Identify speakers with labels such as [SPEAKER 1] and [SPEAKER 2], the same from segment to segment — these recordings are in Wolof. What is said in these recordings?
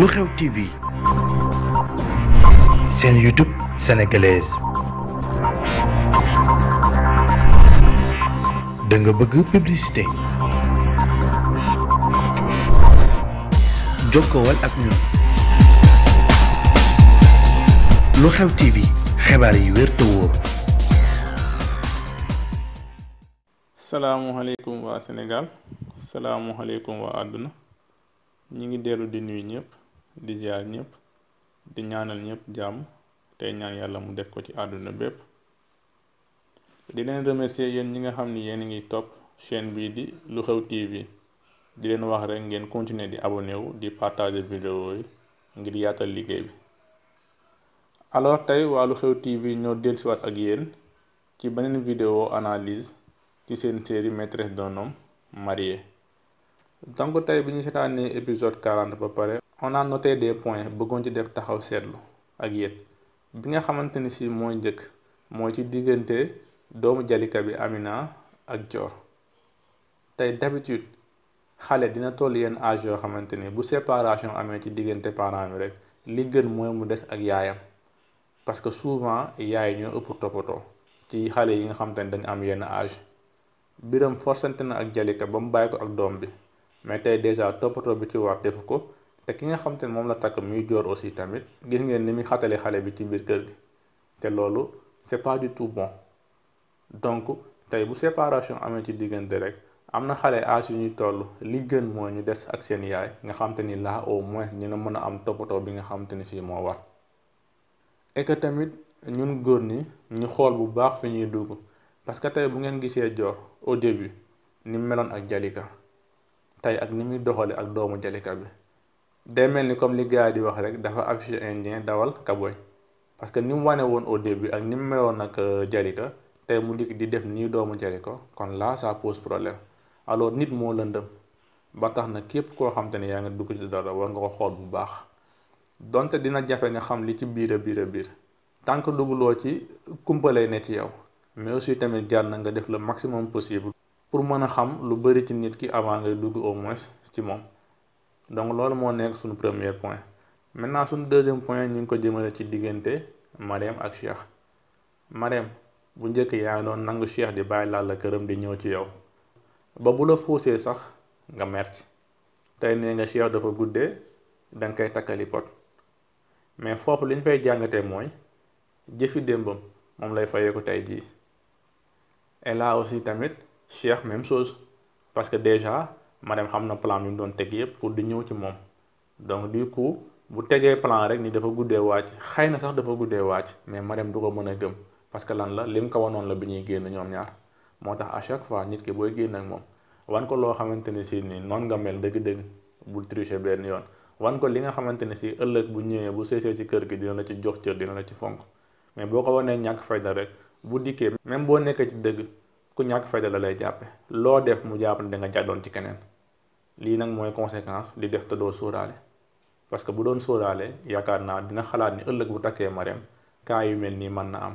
[SPEAKER 1] lu xew TV
[SPEAKER 2] seen YouTube sénégalaise da bëgg publicité jokkowal ak ñun lu xew TV xibaar yi wér te wóor. salaamualeykum waa Sénégal salaamualeykum waa àdduna ñi ngi dellu di nuyu ñëpp. di ziar ñëpp di ñaanal ñëpp jàmm tey ñaan yàlla mu def ko ci àdduna bépp di leen remercier yéen ñi nga xam ni yéen a ngi topp chaîne bii di lu xew TV di leen wax rek ngeen continuer di abonné wu di partager vidéo yi ngir yaatal liggéey bi alors tey waa lu xew TV ñoo dellusiwaat ak yéen ci beneen vidéo analyse ci seen série maîtresse d'un homme marié donc tey bi ñu seetaanee épisode ba pare on a noté des points bëggoon ci def taxaw seetlu ak yéen bi nga xamante ni si mooy njëkk mooy ci diggante doomu jalika bi Amina ak Dior tey d'habitude xale dina toll yenn âge yoo xamante ni bu séparation amee ci diggante parent bi rek li gën mooy mu des ak yaayam parce que souvent yaay ñoo ëpp toppatoo ci xale yi nga xamante ni dañu am yenn âge biram forcante na ak jalika ba mu bàyyi ko ak doom bi mais tey déjà toppatoo bi ci war defu ko te ki nga xam ne moom la takk muy joor aussi tamit gis ngeen ni muy xatale xale bi ci biir kër gi te loolu c'est pas du tout bon donc tey bu séparation amee ci diggante rek am na xale âge yu ñuy toll li gën mooy ñu des ak seen yaay nga xam ni laa au moins ñu ne mën a am toppatoo bi nga xam ni si moo war et que tamit ñun góor ni ñu xool bu baax fi ñuy dugg parce que tey bu ngeen gisee joor au bi ni meloon ak jalika tey ak ni muy doxale ak doomu jalika bi day mel ni comme li gars yi di wax rek dafa affiché indien dawal kaboy parce que ni mu wane woon au bi ak ni mu meloon nag euh, Jalika tey mu dikk di def nii doomu Jalika kon là ça pose problème alors nit moo lëndëm ba tax na képp koo xam te yaa ngi dugg ci dara war nga ko xool bu baax donte dina jafe nga xam li ci biir a biir a biir tant que dugguloo ci kumpalay ne ci yow mais aussi tamit jar na nga def le maximum possible pour mën a xam lu bari ci nit ki avant dugg au moins ci moom donc loolu moo nekk suñu premier point maintenant suñu deuxième point ñu ngi ko jëmalee ci diggante Marème ak Cheikh Marème bu njëkk yaa doon nangu Cheikh di bàyyi laal la këram di ñëw ci yow ba bu la fóosee sax nga merci tey nee nga Cheikh dafa guddee danga koy takkali pot mais foofu liñ ñu fay jàngatee mooy jëfi démbam moom lay fayee ko tey jii et là aussi tamit Cheikh même chose parce que déjà ma xam na plan bi mu doon teg yëpp pour di ñëw ci moom donc du ku bu tegee plan rek ni dafa guddee wàcc xëy na sax dafa guddee wàcc mais ma du ko mën a gëm parce que lan la lim ko wanoon la bi ñuy génn ñoom ñaar moo tax à chaque fois nit ki booy génn ak moom wan ko loo xamante ne si ni noonu nga mel dëgg-dëgg bul tricher benn yoon wan ko li nga xamante ne si ëllëg bu ñëwee bu seesee ci kër gi dina la ci jox cër dina la ci fonk mais boo ko wanee ñàkk fayda rek bu dikkee même boo nekkee ci dëgg ku ñàkk fayda la lay jàppe loo def mu jàpp ne da jàddoon ci keneen lii nag mooy conséquence di def te doo sóoraale parce que bu doon sóoraale yaakaar naa dina xalaat ni ëllëg bu takkee mareem kaa yu mel nii mën na am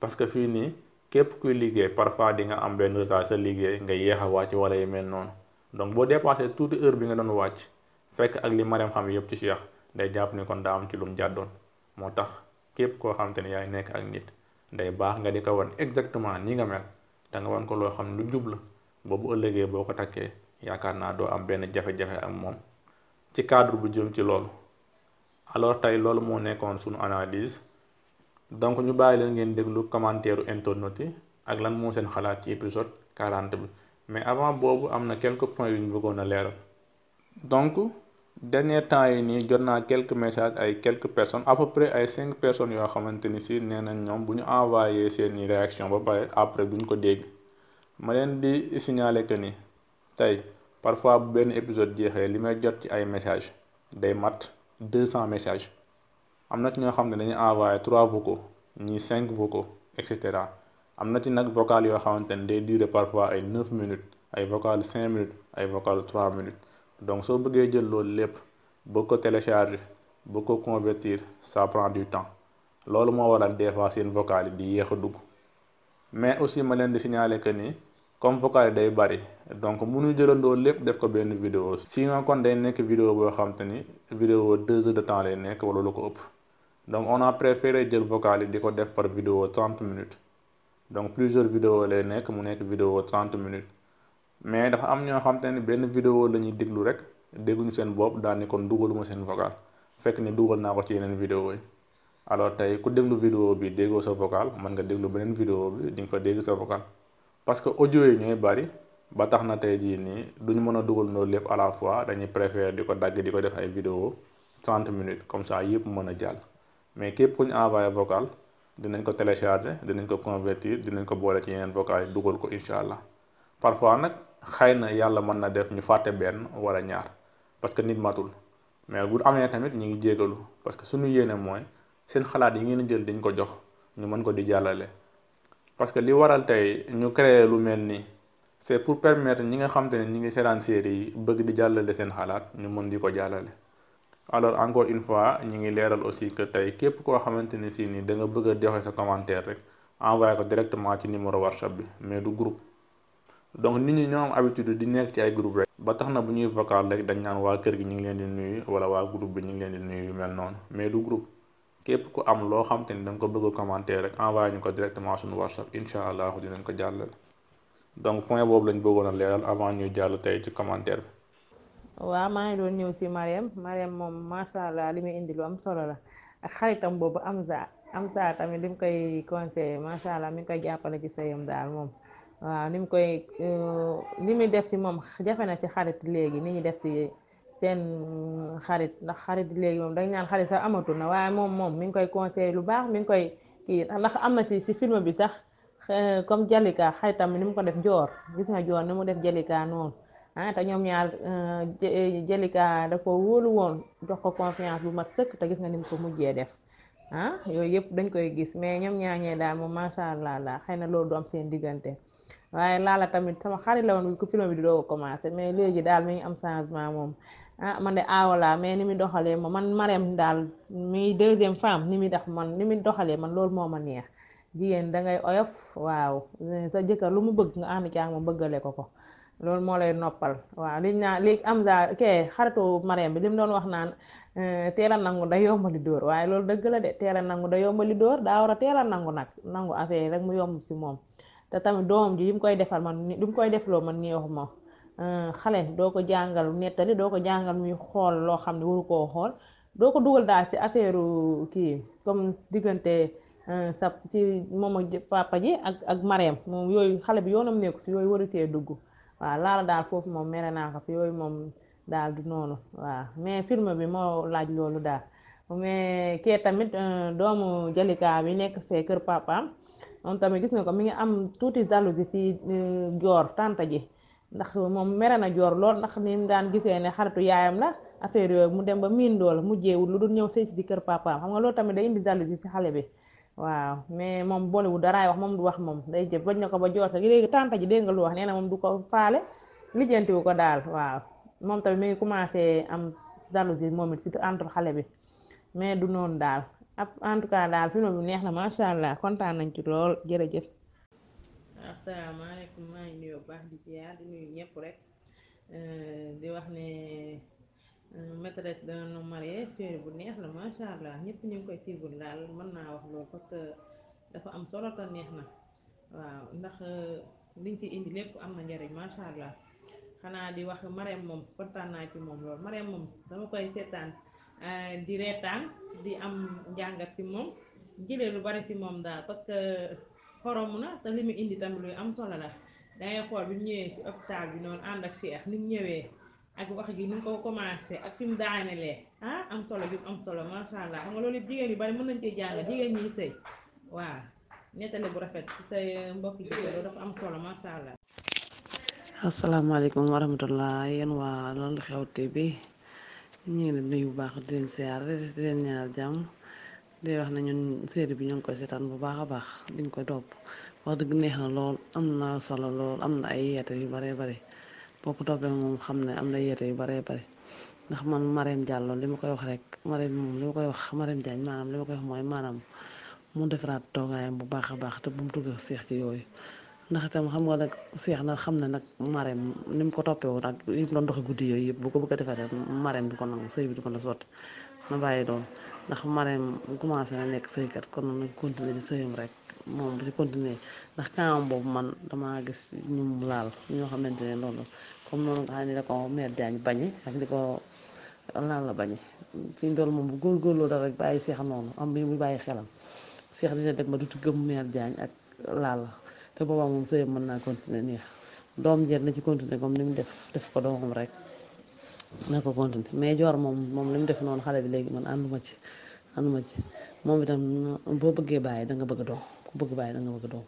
[SPEAKER 2] parce que fii nii képp kuy liggéey parfois di nga am benn retard sa liggéey nga yéex a wàcc wala yu mel noonu donc boo dépassé tuuti heure bi nga doon wàcc fekk ak li mareem xam yëpp ci Cheikh day jàpp ni kon daa am ci lum jàddoon moo tax képp koo xam te ne yaay nekk ak nit day baax nga di ko wan exactement ni nga mel da nga wan ko loo xam lu jub la boobu ëllëgee boo ko takkee yaakaar naa doo am benn jafe-jafe ak moom ci cadre bu jëm ci loolu alors tey loolu moo nekkoon sunu analyse donc ñu bàyyi leen ngeen déglu commentaire internaute yi ak lan moo seen xalaat ci épisode quarante bi mais avant boobu am na quelque points yu ñu bëggoon a leeral donc dernier temps yi nii jot naa quelques messages ay quelques personne à près ay cinq personnes yoo xamante ni si nee nañ ñoom bu ñu envoyé seeni réaction ba pare après duñ ko dégg ma leen di signaler que ni tey parfois bu benn épisode jeexee li may jot ci ay message day mat deux cent messages am na ci ñoo xam ne dañuy envoyé trois vocaux ñii cinq vocaux et cetera am na ci nag vocal yoo xamante ne day durer parfois ay neuf minutes ay vocal cinq minutes ay vocal trois minutes donc soo bëggee jël loolu lépp boo ko télécharger boo ko convertir ça prend du temps loolu moo waral des fois seen vocal yi di yéex a dugg mais aussi ma leen di signaler que ni. comme vocal yi day bari donc mënuñu jëlandoo lépp def ko benn vidéo sinon kon day nekk vidéo boo xam te ni vidéo deux heures de temps lay nekk wala lu ko ëpp donc on a préféré jël vocal yi di ko def par vidéo trente minutes donc plusieurs vidéo lay nekk mu nekk vidéo trente minutes mais dafa am ñoo xam te benn video la déglu rek dégguñu seen bopp daal ni kon dugaluma seen vocal fekk ni dugal naa ko ci yeneen vidéo yi alors tey ku déglu vidéo bi déggoo sa vocal mën nga déglu beneen vidéo bi di nga fa dégg sa parce que audio yi ñooy bari ba tax na tey jii nii duñ mën a dugal loolu lépp à la fois dañuy préférer di ko dagge di ko def ay vidéo 30 minutes comme ça yëpp mën a jàll mais képp ku ñu envoyé vocal dinañ ko télécharger dinañ ko convertir dinañ ko boole ci yeneen vocal yi dugal ko incha allah parfois nag xëy na yàlla mën na def ñu fàtte benn wala ñaar parce que nit matul mais bu amee tamit ñu ngi jégalu parce que suñu yéene mooy seen xalaat yi ngeen jël diñ ko jox ñu mën ko di jàllale. parce que li waral tey ñu créer lu mel nii c'est pour permettre ñi nga xam ne ñi ngi seetaan série yi bëgg di jàllale seen xalaat ñu mën di ko jàllale alors encore une fois ñi ngi leeral aussi que tey képp koo xamante ne si nii da nga bëgg a joxe sa commentaire rek envoyé ko directement ci numéro WhatsApp bi mais du groupe donc nit ñi ñoo am habitude di nekk ci ay groupe rek ba tax na bu ñuy vocal rek dañ naan waa kër gi ñu ngi leen di nuyu wala waa groupe bi ñu ngi leen di nuyu yu mel noonu mais du képp ku am loo xam te ni da ko bëgg a commenter rek envoyé ñu ko directement suñu whatsapp incha allah dinañ ko jàllale donc point boobu lañ bëggoon a leeral avant ñuy jàll tey maa
[SPEAKER 3] ngi doon ñëw ci Marème Marème moom macha allah li muy indi lu am solo la ak xaritam boobu Amza Amza tamit li koy conseillé macha mi ngi koy jàppale ci sëyam daal moom waaw ni mu koy euh, li muy def ci moom jafe na ci xarit léegi ni ñu def ci seen xarit ndax xarit léegi moom dañ naan xarit sax amatul na waaye moom moom mi ngi koy conseillé lu baax mu ngi koy kii ndax am na si si film bi sax comme Jalika xaritam ni mu ko def joor gis nga joor ni mu def Jalika noonu ah te ñoom ñaar euh, Jalika da ko wóolu woon jox ko confiance bu mat sëkk te gis nga ni mu ko mujjee def ah yooyu yëpp dañ koy gis mais ñoom ñaar ñee daal moom macha allah la xëy na loolu du seen diggante waaye laala tamit sama xarit la woon ku film bi doo ko commencé mais léegi daal mi ngi am changement moom. ah man de awala ah, mais ni muy doxalee ma man Marème daal muy deuxième femme ni muy def man ni muy doxalee man loolu moo ma neex jigéen da ngay oyof waaw sa jëkkër lu mu bëgg nga ànd ci ak moom ko ko loolu moo lay noppal waaw liñ naa lii am za kee xaritu Marème bi li mu doon wax naan eh, teel a nangu da yombali dóor waaye loolu dëgg la de teel a nangu da yombali dóor daa war a teela nangu nag nangu affaire rek mu yomb si moom te tamit doom ji yi mu koy defal man li mu koy defloo man neexu ma Euh, xale doo ko jàngal nettali doo ko jàngal muy xool loo xam ne waru koo xool doo ko dugal daal ci affaire kii comme diggante euh, sa ci moom ak papa ji ak ak mareem moom yooyu xale bi yoonam nekku si yooyu waru see dugg waaw laal daal foofu moom mere naa ko fi yooyu moom daal du noonu waaw mais firme bi moo laaj loolu daal mais kee tamit euh, doomu jalikaa bi nekk fee kër papaam moom tamit gis nga ko mi ngi am tuuti jalousie ci joor tante ji ndax moom mere na joor lool ndax ni daan gisee ne xaritu yaayam la affaire yooyu mu dem ba miin dool mujjeewul lu dul ñëw sëy si kër papaam xam nga loolu tamit day indi jalousie si xale bi waaw mais moom boolewul daraay wax moom wax moom day jëf bañ na ko ba joor te léegi tànta ji dégg nga lu wax nee na moom du ko faale lijjantiwu ko daal waaw moom tamit mi ngi commencé am jalousie moom it surtout entre xale bi mais du noonu daal ab en tout cas daal film bi neex na macha allah kontaan nañ ci lool jërëjëf. asalaamaaleykum maa ngi nuyu baax di ziar di nuyu ñëpp rek euh, di wax ne euh, maîtresse d'un homme marié série bu neex la macha allah ñëpp ñu ngi koy suivre daal mën naa wax loolu parce que dafa am solo te neex na waaw ndax euh, liñ ci indi lépp am na njariñ macha allah xanaa di wax Marème moom kontaan naa ci moom lool Marème moom dama koy seetaan di reetaan di am njàngat si moom jëlee lu bari si moom daal parce que. xorom na te li indi tamit luy am solo la dangay xool bi ñëwee si hôpital bi noonu ànd ak Cheikh ni ñëwee ak wax ji ni ko commencé ak fi mu daanelee ah am solo bi am solo macha allah xam nga loolu yëpp jigéen yu bari mën nañ cee jàng jigéen ñi sëy waaw nettali bu rafet ci sa mbokk ji loolu dafa am solo macha allah.
[SPEAKER 4] asalaamaaleykum wa rahmatullah yéen waa loolu xew TV bi ñu ngi leen nuyu bu baax di leen leen ñaar jàmm. day wax ne ñun série bi ñoo ngi koy seetaan bu baax a baax diñ koy topp wax dëgg neex na lool am na solo lool am na ay yeete yu baree bare boo ko toppee moom xam ne am na yeete yu baree bare ndax man Marème Diallo li ma koy wax rek Marème moom li ma koy wax Marème Diagne maanaam li koy wax mooy maanaam mu defaraat toogaayam bu baax a baax te bu mu tudd seex ci yooyu ndax itam xam nga nag seex na xam ne nag Marème ni mu ko toppee woon ak yi mu doon guddi yooyu yëpp bu ko bëgg a defaree Marème du ko nangu sëy bi du ko na sotti na bàyyi doon ndax Marème commencé na nekk sëykat kon nag continuer di sëyam rek moom bu ci continuer ndax kaamam boobu man damaa gis ñum laal ñoo xamante ne noonu nga xam ne da ko meer jaañ bañe ak di ko laal la bañe fi dool moom bu góorgóorloo da rek bàyyi seex noonu am bi mu bàyyi xelam seex dina dem ba du ci gëm meer jaañ ak laal la te boobaa moom sëyam mën naa continuer neex doom jeet na ci continuer comme ni mu def def ko doomam rek na ko continuer mais joor moom moom li mu def noonu xale bi léegi man ànduma ci ànduma ci moom itam boo bëggee bàyyi da nga bëgg doom ku bëgg bàyyi da nga bëgg doom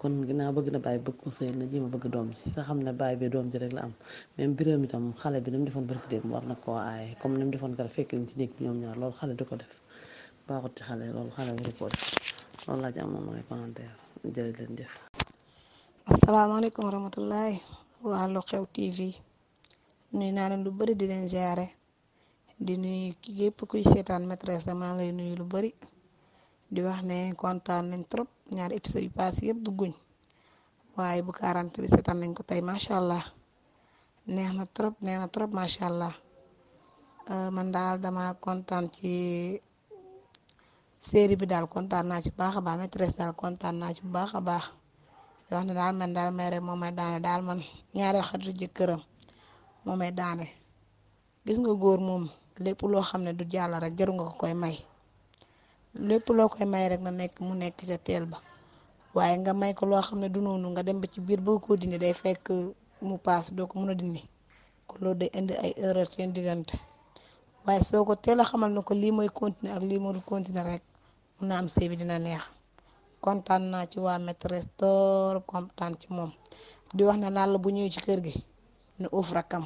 [SPEAKER 4] kon ginnaaw bëgg na bàyyi bëgg ko sëy na jéem a bëgg doom ji te xam ne bàyyi bi doom ji rek la am même biram itam xale bi ni mu defoon barki démb war na koo aaye comme ni mu defoon kar fekk liñ ci nekk ñoom ñaar loolu xale du ko def baaxut ci xale loolu xale waru koo def loolu laa ci a mooy commentaire jërë leen jëf
[SPEAKER 5] nuy naa leen lu bari di leen jaare di nuy yépp kuy seetaan maîtresse dama lay nuyu lu bari di wax ne kontaan nañ trop ñaari épisode yu passé yëpp dugguñ waaye bu 40 bi seetaan nañ ko tey macha allah neex na trop neex na trop macha allah euh, man daal dama kontaan ci série bi daal kontaan naa ci baax a baax maîtresse daal kontaan naa ci bu baax a baax di wax ne daal man daal may rek moom may daane daal man ñaareel xaritu jëkkëram moo may daane gis nga góor moom lépp loo xam ne du jàll rek jaru nga koy may lépp loo koy may rek na nekk mu nekk ca teel ba waaye nga may ko loo xam ne du noonu nga dem ba ci biir boo ko dindi day fekk mu paas doo ko mën a dindi kon loolu day indi ay erreur seen diggante waaye soo ko teel a xamal na ko lii mooy continuer ak lii moo continuer rek mun na am sëy dina neex kontaan naa ci waa maîtresse trop kontaan ci moom di wax ne laal bu ñëwee ci kër gi. ne uuf rakkam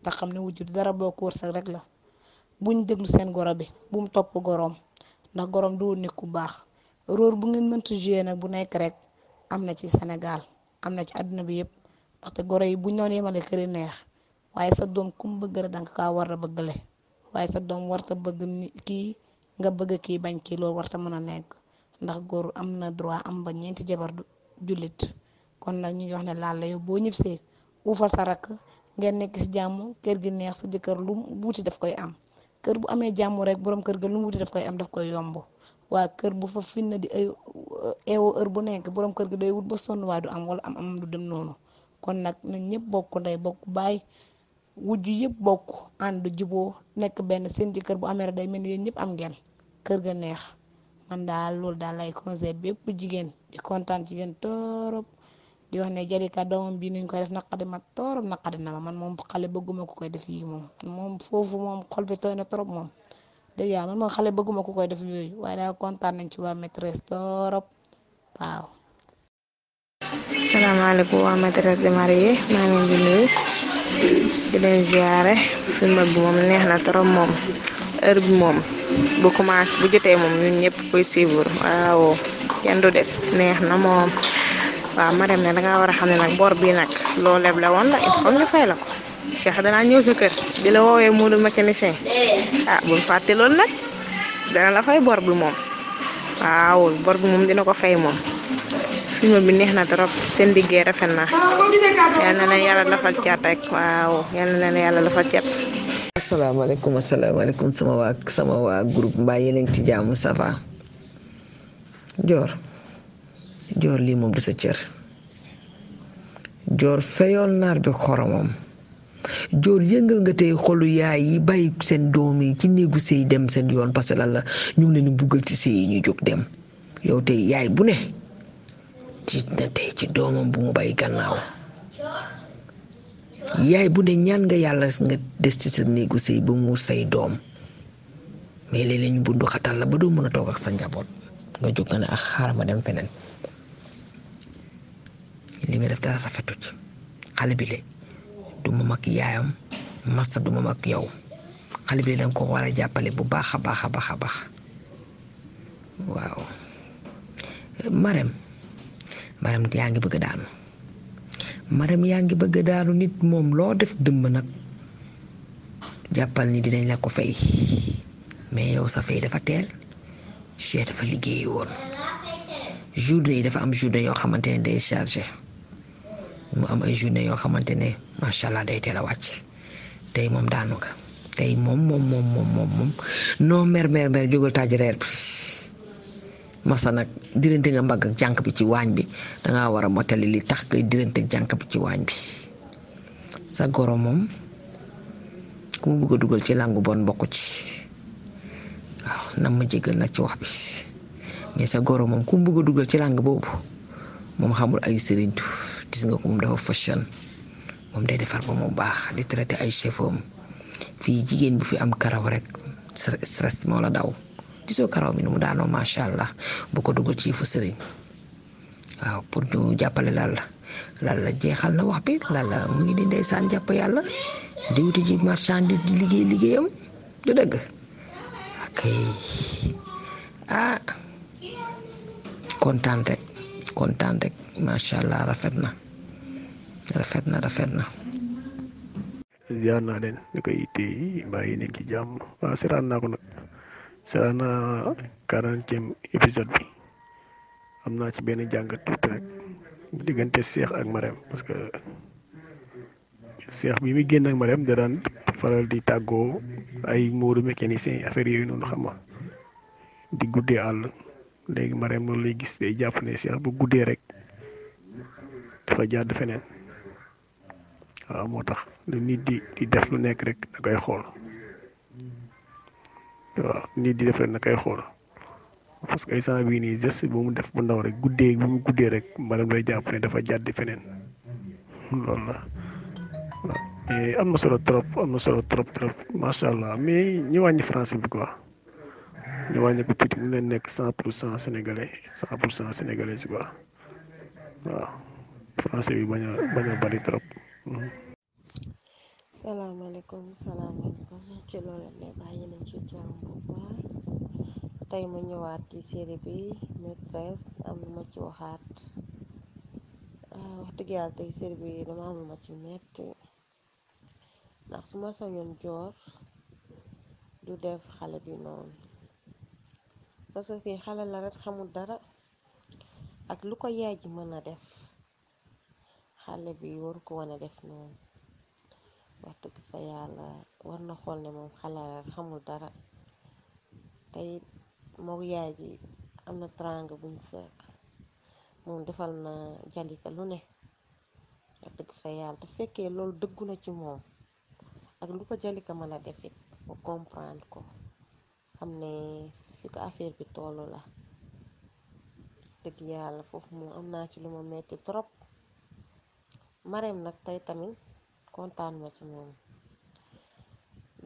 [SPEAKER 5] nga xam ne wujjul dara boo ko sa rek la buñ déglu seen goro bi bum topp goroom ndax goroom du nit ku baax róor bu ngeen mënti joué nag bu nekk rek am na ci senegal am na ci àdduna bi yëpp ndaxte goro yi buñ noonu yemale këri neex waaye sa doom kum bëgg rek danga war a bëggale waaye sa doom warta bëgg ni kii nga bëgg kii bañ kii loolu warta mën a nekk ndax góor am na droit am ba ñeenti jabar jullit kon nag ñu jox ne laal la yow boo ñibbisee wuufal sa rakk ngeen nekk si jàmm kër gi neex sa jëkkër lu wuti daf koy am kër bu amee jàmmu rek borom kër ga lu mu wuti daf koy am daf koy yomb waa kër bu fa finna di ay eewo bu nekk borom kër gi day wut ba sonn waa du am wala am am du dem noonu kon nag nañ ñëpp bokk ndey bokk baay wujj yëpp bokk ànd juboo nekk benn seen jëkkër bu amee rek day mel ni yéen ñëpp am ngeen kër ga neex man daal loolu daal lay conseil bépp jigéen di kontaan ci yéen di wax ne jalika doom bi nuñ koy def naqadi ma tooram naqadi na ma man moom xale bëgguma ku koy def yii moom moom foofu moom xol bi tooy na trop moom dëgg yàlla man xale bëgguma ku koy def yooyu waaye daal kontaan nañ ci waa maîtresse torop waaw.
[SPEAKER 6] salaamaaleykum waa maîtresse de marié maa ngi leen di nuyu moom neex na trop moom heure moom bu commencé bu jotee moom ñun ñëpp koy suivre waaw kenn du des neex na moom. waaw Marème na dangaa war a xam ne nag bor bii nag loo leble woon la il faut ñu fay la ko Cheikh danaa ñëw sa di la woowee Moodu mécanicien ah bu mu fàtte loolu nag dana la fay bor bi moom waaw bor moom dina ko fay moom film bi neex na trop seen liggéey rafet na
[SPEAKER 7] yal na leen yàlla lafal
[SPEAKER 6] cat rek waaw yal na leen yàlla lafal cat.
[SPEAKER 7] asalaamaaleykum asalaamaaleykum sama waa sama waa groupe mbaa yéen a ngi ci jàmm joor lii moom du sa cër joor feyool naar bi xoromam joor yëngal nga tey xolu yaay yi bàyyi seen doom yi ci néegu sëy dem seen yoon parce que lan la ñu ngi leen buggal ci sëy yi ñu jóg dem yow tey yaay bu ne ci na tey ci doomam bu mu bàyyi gannaaw yaay bu ne ñaan nga yàlla nga des ci sa néegu sëy ba mu say doom mais léeg-léeg ñu bundu xatal la ba doo mën a toog ak sa njaboot nga jóg nga ne ak ah, xaaral ma dem feneen li nga def dara rafetu ci xale bi le du ma mag yaayam massa du ma mag yow xale bi le danga ko war a jàppale bu baax a baax a baax a baax waaw marem marem yaa ngi bëgg daanu marem yaa ngi bëgg daanu nit moom loo def dëmb nag jàppal ni dinañ la ko fay mais yow sa fay dafa teel Cheikh dafa liggéey woon journée yi dafa am journée yoo xamante ne day chargé mu am ay journée yoo xamante ne macha allah day teel a wàcc tey moom daanu ka tey moom moom moom moom moom moom noo mer mer mer jógal taaj reer bi masa nag dirante nga mbagg jànq bi ci waañ bi dangaa war a motali li tax ngay dirante jànq bi ci waañ bi sa goro moom ku mu bëgg dugal ci làngu bon bokku ci waaw nam ma jégal nag ci wax bi sa goro moom ku bëgg a dugal ci làng boobu moom xamul ay sëriñtu gis nga ko moom dafa fashion moom day defar ba mu baax di traité ay chefam fii jigéen bu fi am karaw rek stress moo la daw gisoo karaw bi nu mu daanoo macha allah bu ko duggal ci fu waaw pour ñu jàppale laal la laal la jeexal na wax bi laal mu ngi di ndeysaan jàpp yàlla di wuti ji marchandise di liggéey liggéeyam du dëgg ak ah, rek kontaan rek macha allah rafet na rafet na rafet na.
[SPEAKER 1] ziar naa leen ñu koy téye bàyyi nañ ci jàmm waaw seetaan naa ko nag seetaan naa quarantième épisode bi am naa ci benn jàngat tuuti rek bu diggante Cheikh ak Marème parce que Cheikh bi muy génn ak Marème da daan faral di tàggoo ay moodu mécanicien affaire yooyu noonu xam di guddee àll. léegi Marème loolu lay gis day jàpp ne Cheikh bu guddee rek dafa jàdd feneen waaw moo tax lu nit di di def lu nekk rek da koy xool waaw nit di def rek da koy xool parce que instant bii nii geste bu mu def bu ndaw rek guddee bu mu guddee rek Marème lay jàpp ne dafa jàdd feneen loolu la waaw mais am na solo trop am na solo trop trop macha allah mais ñu wàññi français bi quoi. ñu wàññeeku nekk cent pour cent a bañ a bari trop. Mhm.
[SPEAKER 6] salaamaaleykum salaamaaleykum ci loolu ne bàyyi ñëwaat ci série bi maîtresse am lu ci waxaat ah, wax tey série bi dama am lu ma ci metti ndax su ma sañoon joor du def xale bi noonu. parce que fii xale la rek xamul dara ak lu ko yaay ji mën a def xale bi war ko wana def noonu wax fa yàlla war na xool ne moom xale la xamul dara tey mook yaay ji am na trang buñ seq moom defal na jalika lu ne wax dëgg fa yàlla te fekkee loolu dëggu ci moom ak lu ko jalika mën a defit mu comprendre ko xam ne fi ko afeer bi tollu la dëgg yàlla foofu moo am naa ci lu ma metti trop mareem nag tey tamit kontaan ma ci moom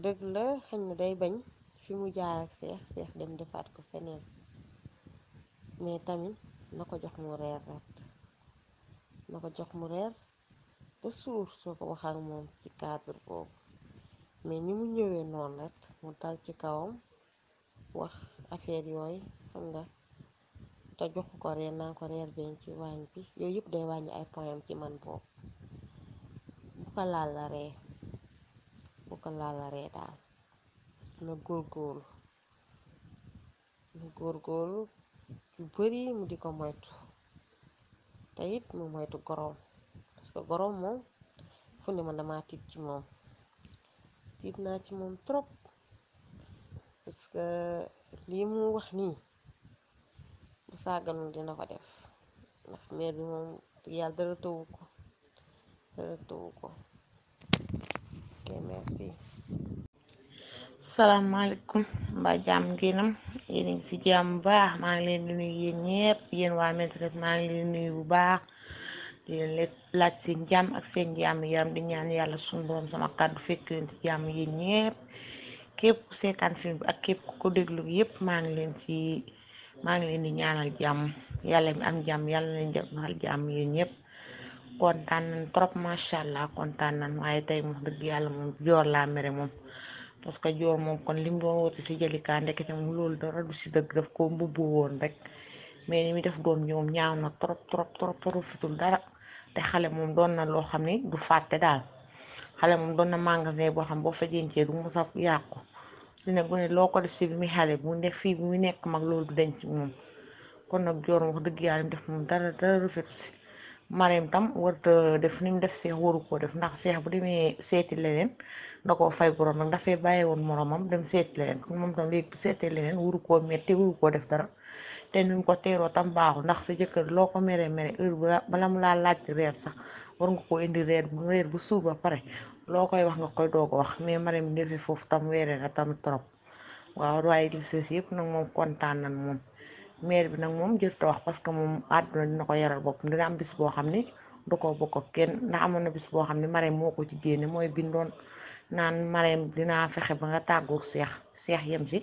[SPEAKER 6] dëgg la xañ na day bañ fi mu jaar ak seex seex dem defaat ko feneen mais tamit na ko jox mu reer rekk na ko jox mu reer ba suur soo ko wax moom ci cadre boobu mais ni mu ñëwee noonu rekk mu dal ci kawam wax afeer yooy xam nga te joxu ko reer naan ko reer ben ci waañ bi yooyu yëpp day wàññi ay poyam ci man boobu bu ko laala ree bu ko laala ree daal na góorgóorlu na góorgóorlu yu bari mu di ko moytu te mu moytu goroom parce goroom moom fu ne ma dama tiit ci moom tiit naa ci moom trop parce que lii mu wax nii bu sàgganul dina ko def ndax meer moom yàlla dara tëwu ko dara tëwu ko ok
[SPEAKER 8] mbaa jàmm ngeenam yéen a ci jàmm bu baax maa ngi leen di nuyu yéen ñépp bu baax laaj seen jàmm ak seen jàmm yaram di ñaan yàlla sunu sama kàddu fekk leen ci jàmm yéen ñépp képp seetaan fi ak képp ko déglu yépp maa ngi leen ci maa ngi leen di ñaanal jàmm yàlla mi am jàmm yàlla leen jàmmal jàmm yéen ñëpp kontaan trop macha allah kontaan nañ waaye tey moom dëgg yàlla moom joor laa mere moom parce que joor moom kon li mu doon woote si jëlikaa ndekete moom loolu dara du si dëgg daf ko mbubbu woon rek mais ni mi def doom ñoom ñaaw na trop trop trop trop fitul dara te xale moom doon na loo xam ne du fàtte daal xale moom doon na magasin boo xam boo fa jëncee du mos a yàqu li nag gone loo ko def si bi muy xale bu nekk fii bi nekk mag loolu du denc moom kon nag joor wax dëgg yàlla def moom dara dara rafetu si Mariam tam warut def ni mu def seex waru koo def ndax seex bu demee seeti leneen da koo fay borom nag dafay bàyyi woon moromam dem seet leneen kon moom tam léegi bu seetee leneen waru koo metti waru koo def dara te ni ko teeroo tam baaxul ndax sa jëkkër loo ko meree mere heure bala mu laa laaj reer sax war nga ko indi reer reer bu suur ba pare loo koy wax nga koy doog a wax mais Marème defi foofu tam weere na tam trop waaw waaye li sës yëpp nag moom kontaan nañ moom maire bi nag moom jërta wax parce que moom àdduna dina ko yaral boppam dina am bis boo xam ne du ko bokk kenn ndax amoon na bis boo xam ne Marème moo ko ci mooy bindoon naan Marème dinaa fexe ba nga tàggoog seex seex yem ci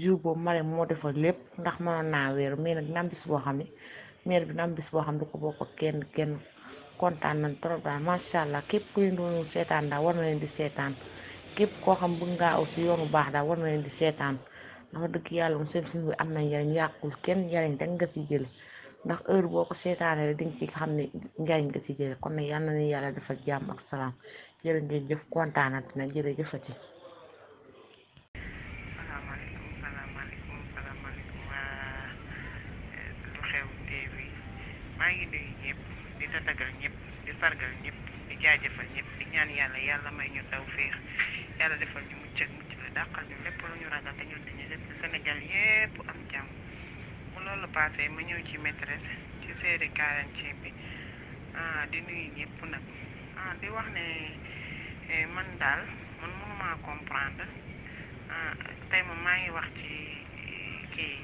[SPEAKER 8] jour boobu Marème moo defal lépp ndax mënoon naa weer mais nag dina bis boo xam ne maire bi na am bis boo xam ne du ko bokk ak kenn kenn kontaan nañ trop daal macha allah képp kuy doon seetaan daal war na leen di seetaan képp koo xam bëgg ngaa aw si yoonu baax daal war na leen di seetaan ndax dëgg yàlla moom seen film bi am na njariñ yàqul kenn njariñ da nga si jële ndax heure boo ko seetaanee rek di nga ci xam ne njariñ nga si jële kon nag yal na leen yàlla defal jàmm ak salaam jërë ngeen jëf kontaanati na jërëjëfati
[SPEAKER 9] sargal ñëpp di jaajëfal ñëpp di ñaan yàlla yàlla may ñu taw féex yàlla defal ñu mucc ak mucc la dàqal ñu lépp lu ñu ragal dañu dañu lépp Sénégal yépp am jàmm mu loolu passé ma ñëw ci maîtresse ci série quarantième bi ah, di nuyu ñëpp nag ah, di wax ne eh, man daal man mënuma comprendre ah, tey moom maa ngi wax ci kii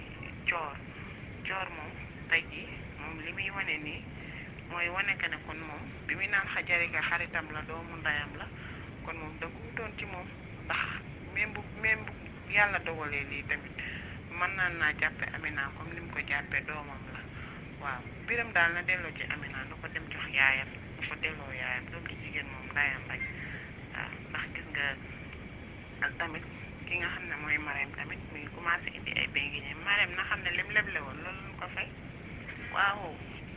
[SPEAKER 9] joor moom tey jii moom li muy wane nii mooy wane ne kon moom bi muy naan xajarika xaritam la doomu ndeyam la kon moom dëggu wutoon ci moom ndax même bu même bu yàlla dogalee lii tamit mën naa naa jàppe Amina comme ni mu ko jàppe doomam la waaw biram daal na delloo ci Amina du ko dem jox yaayam du ko delloo yaayam doom ci jigéen moom ndeyam rek ndax gis nga ak tamit ki nga xam ne mooy Marème tamit muy commencé indi ay béy ngi na xam ne lim leble woon loolu lañ ko fay waaw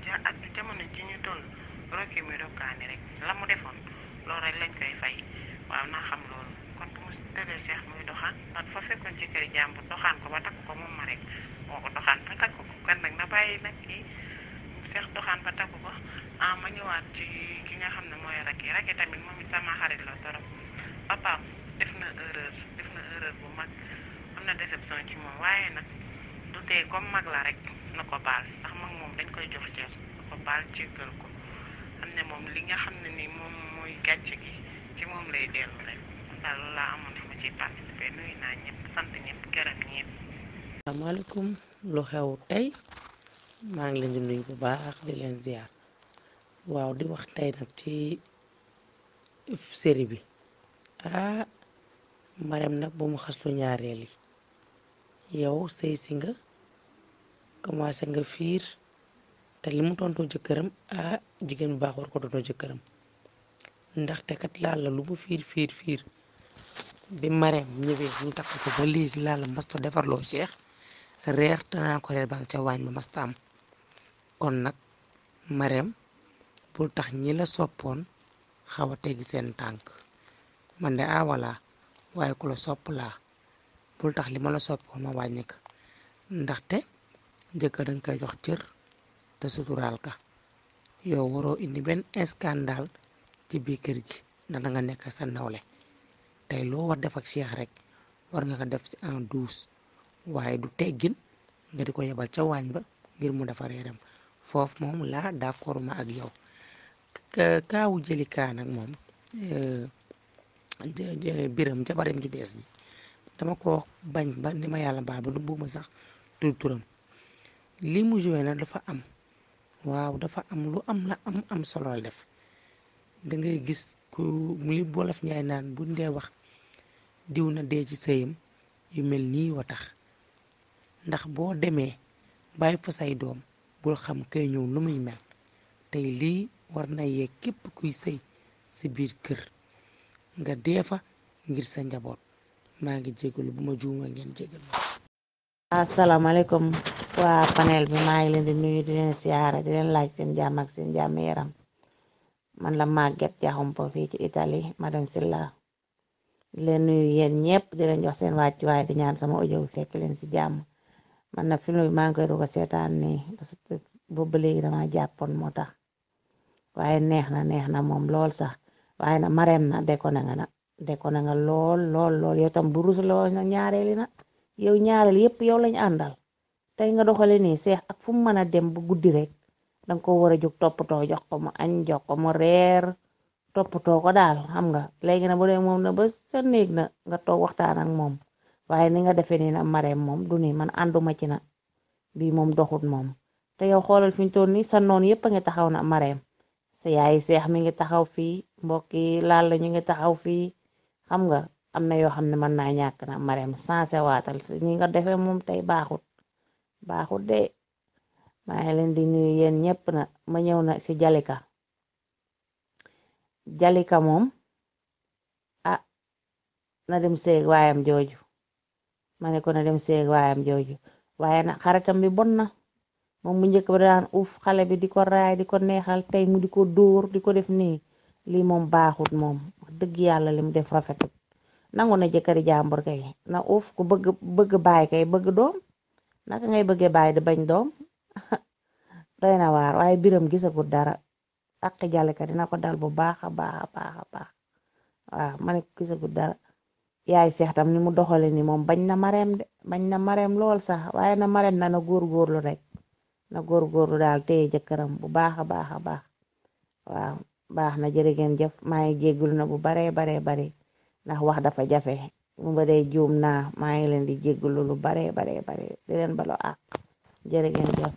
[SPEAKER 9] ja ak jamono ci ñu toll Rocky muy rokkaani rek la mu defoon loolu rek lañ koy fay waaw naa xam loolu kon bu mu tëddee seex muy doxaan ndax fa fekkoon ci kër jàmbur doxaan ko ba takk ko moom ma rek moo ko ko kan nag bàyyi nag kii seex doxaan ba takk ko ah, ñëwaat ci ki nga xam ne mooy Racky Racky tamit moom it sama xarit la torop def na erreur def na erreur bu mag am na déception ci moom waaye nag du tee comme mag la rek na ko baal koy xam ne moom
[SPEAKER 10] lu xew tey maa ngi leen bu baax di leen ziar waaw di wax tey nag ci série bi ah Marème nag ba mu xaslu ñaareel yi yow sëy si nga commencé nga fiir. te li mu tontu jëkkëram ah jigéen bu baax war ko tontu jëkkëram ndaxte kat laal la lu mu fiir fiir fiir bi mareem ñëwee ñu takk ko ba léegi laal la masta defarloo Cheikh reer te naa ko reer ba ca waañ ba masta am kon nag mareem pour tax ñi la soppoon xaw a teggi seen tànk man de ah voilà waaye ku la sopp laa bul tax li ma la soppoon ma wàññi ko ndaxte jëkkër danga koy jox cër te suturaal ka yow waroo indi benn scandale ci biir kër gi ndax da nga nekk sa nawle tey loo war def ak Cheikh rek war nga ko def ci en douce waaye du teggin nga di ko yebal ca waañ ba ngir mu dafa reeram foofu moom laa d'accord ma ak yow kaawu jëli nag moom eh, eh, eh, biram jabaram ju bees ji dama ko bañ ba ni ma yàlla baal ba du buuma sax tur turam mu joué nag dafa am waaw dafa am lu am la am am solo la def dangay gis ku li bolof njaay naan buñ dee wax diw na dee ci sëyam yu mel nii wa tax ndax boo demee bàyyi fa say doom bul xam kay ñëw lu muy mel tey lii war na yee képp kuy sëy si biir kër nga dee fa ngir sa njaboot maa ngi jégalu bu ma juuma ngeen jégal ma
[SPEAKER 11] asalaamaaleykum waa panel bi maa ngi leen di nuyu di leen siyaara di leen laaj seen jàmm ak seen jàmm yaram man la Maguette Diakhoumpa fii ci Italie madame Silla di leen nuyu yéen ñëpp di leen jox seen wàccuwaay di ñaan sama ojo bi leen ci jàmm man na fi bi maa koy doog a seetaan nii parce ba boobu léegi dama jàppoon moo tax waaye neex na neex na moom lool sax waaye na mareem na dekkoon na nga na dekkoon na lool lool lool yow tam burus lool na ñaareeli na yow ñaareel yépp yow lañ àndal tey nga doxale nii seex ak fu mu mën a dem ba guddi rek danga ko war a jóg toppatoo jox ko mu añ jox ko mu reer toppatoo ko daal xam nga léegi na ba dee moom na ba sa néeg na nga toog waxtaan ak moom waaye ni nga defee nii na mareem moom du ni man ànduma ci na bii moom doxut moom te yow xoolal fi ñu toon ni sa noon yépp a ngi taxaw na mareem sa yaay seex mi ngi taxaw fii mbokki laal la ñu ngi taxaw fii xam nga am na yoo xam ne mën naa ñàkk nag Marème sensé waatal si ñi nga defe moom tey baaxut baaxut de maa ngi leen di nuyu yéen ñëpp na ma ñëw na si Jalika Jalika moom ah na dem seeg waayam jooju ma ne ko na dem seeg waayam jooju waaye nag xaritam bi bon na moom bu njëkk ba daan uuf xale bi di ko raay di ko neexal tey mu di ko dóor di ko def nii lii moom baaxut moom wax dëgg yàlla li mu def rafetut nangu na jëkkëri jàmbur kay na uuf ku bëgg bëgg baay kay bëgg doom naka ngay bëggee baay di bañ doom doy na waar waaye biram gisagul dara ak jàllika dina ko dal bu baax a baax a baax a baax waaw ma ne ko dara yaay seextam tam ni mu doxale ni moom bañ na mareem de bañ na mareem lool sax waaye na mareem na na lu rek na góorgóorlu daal téye jëkkëram bu baax a baax a baax waaw na jërë ngeen jëf maa ngi jéggul na bu baree baree bare ndax wax dafa jafe mu ba dee juum naa maa ngi leen di jéggalu lu bare bare bare di leen balo ak jërë ngeen